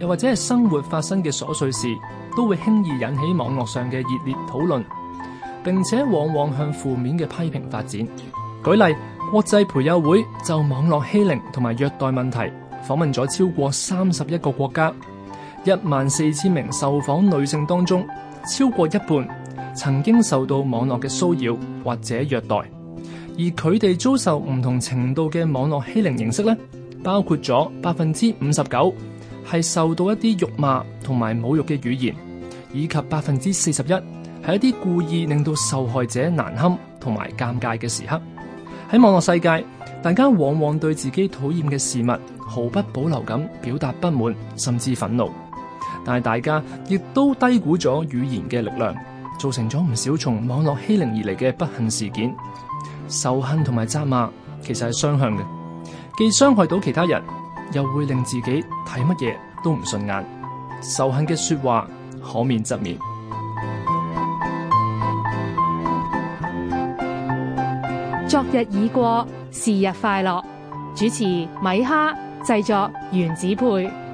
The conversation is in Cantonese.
又或者係生活發生嘅瑣碎事，都會輕易引起網絡上嘅熱烈討論，並且往往向負面嘅批評發展。舉例，國際培幼會就網絡欺凌同埋虐待問題，訪問咗超過三十一個國家，一萬四千名受訪女性當中，超過一半曾經受到網絡嘅騷擾或者虐待，而佢哋遭受唔同程度嘅網絡欺凌形式呢，包括咗百分之五十九。係受到一啲辱罵同埋侮辱嘅語言，以及百分之四十一係一啲故意令到受害者難堪同埋尷尬嘅時刻。喺網絡世界，大家往往對自己討厭嘅事物毫不保留咁表達不滿，甚至憤怒。但係大家亦都低估咗語言嘅力量，造成咗唔少從網絡欺凌而嚟嘅不幸事件。仇恨同埋責罵其實係雙向嘅，既傷害到其他人。又會令自己睇乜嘢都唔順眼，仇恨嘅說話可免則免。昨日已過，是日快樂。主持米哈，製作原子配。